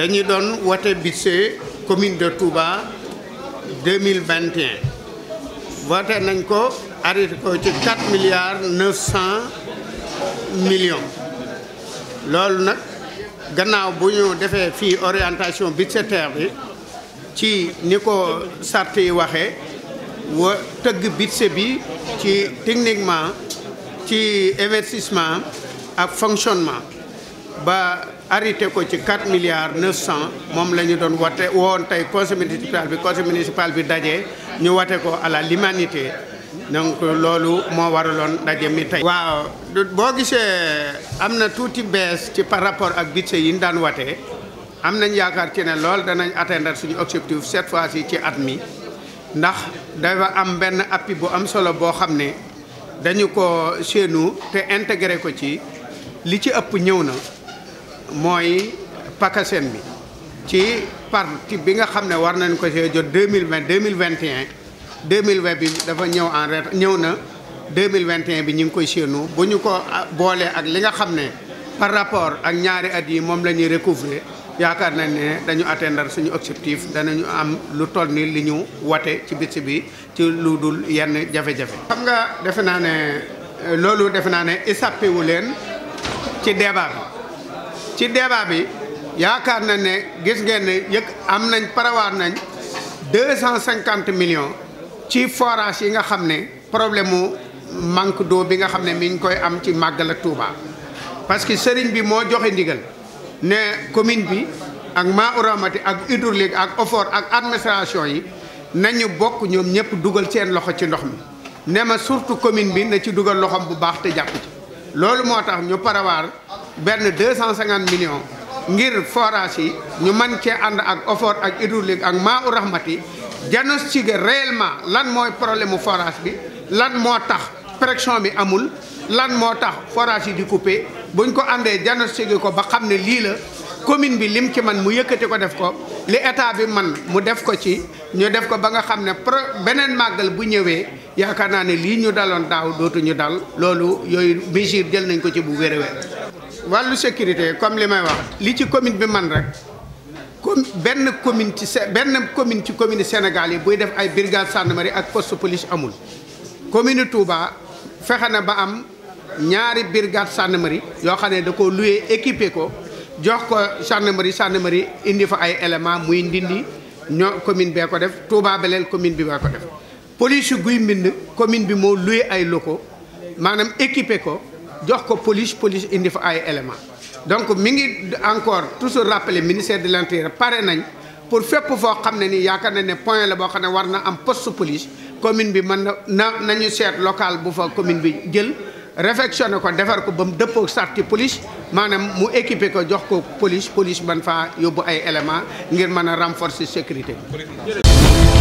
dañu doon wote budget commune de Touba 2021 voté nañ ko arrêté ko ci 4 milliards 900 millions loolu nag gannaaw bu ñu defee fii orientation budgétaire bi ci ni ko sart yi waxee wa tëgg budget bi ci techniquement ci investissement ak fonctionnement ba arrêté ko ci 4 milliards 900 moom la ñu doon wate woon tey conseil municipal bi conseil municipal bi daje ñu wate ko à la l'unanimité donc loolu moo waraloon daje mi tey. waaw boo gisee am na tuuti bees ci par rapport ak budget yi ñu daan wate am nañ yaakaar ci ne lool danañ atteindre suñu objectif cette fois-ci ci at mi ndax dafa am benn appui bu am solo boo xam ne dañu ko séenu te intégré ko ci li ci ëpp ñëw na. mooy PACASEN bi ci parti bi nga xam ne war nañ ko see jot deux mille vingt deux mille vingt et deux mille vingt bi dafa ñëw en ret ñëw na deux mille vingt et bi ñu ngi koy séenu bu ñu ko ah, boolee ak li nga xam ne par rapport ak ñaari at yi moom la ñuy recouvrer yaakaar nañ ne dañu atteindre suñu objectif danañu am lu toll ni li ñu wate ci bis bi ci lu dul yenn jafe-jafe. xam nga defe naa ne loolu defe naa ne échappé leen ci débat bi ci débat bi yaakaar na ne gis ngeen ne yëg am nañ parawaar nañ deux cent cinquante millions ci forage yi nga xam ne problème mu manque d'eau bi nga xam ne mi ngi koy am ci màggal ak Touba. parce que sëriñ bi moo joxe ndigal ne commune bi ak maa uramati ak hydraulique ak effort ak administration yi nañu bokk ñoom ñëpp dugal seen loxo ci ndox mi ne ma surtout commune bi na ci dugal loxoom bu baax te jàpp ci loolu moo tax ñu parawaar benn deux cent cinquante millions ngir forage yi ñu man cee ànd ak OFOR ak hydraulique ak maa u rahmati diagnostiquer réellement lan mooy problème mu forage bi lan moo tax pression bi amul lan moo tax forage yi di coupé buñ ko àndee diagnostiquer ko ba xam ne lii la commune bi lim ci man mu yëkkati ko def ko li état bi man mu def ko ci ñu def ko ba nga xam ne pro beneen màggal bu ñëwee yaakaar naa ne lii ñu daloon daaw dootuñu dal loolu yooyu mesure jël nañ ko ci bu wér wàllu sécurité comme li may wax li ci commune bi man rek comme benn commune ci commune ci commune Sénégal yi buy def ay brigade gendarmerie ak post police amul commune Touba fexe na ba am ñaari brigade gendarmerie yoo xam ne da ko loué équipe ko jox ko gendarmerie gendarmerie indi fa ay élément muy ndindi ñoo commune bee ko def Touba Belel commune bi bee ko def police yu guy mbind commune bi moo loué ay loko maanaam équipé ko jox ko police police indi fa ay élément donc mi ngi encore toujours rappeler ministère de l'intérieur pare nañ pour fépp foo xam ne nii yaakaar na ne point la boo xam ne war na am post police commune bi mën na na nañu seet local bu fa commune bi jël réfectionné ko defar ko ba mu dëppoo sarti police maanaam mu équipé ko jox ko police police ban faa yóbbu ay élément ngir mën a renforcer sécurité bi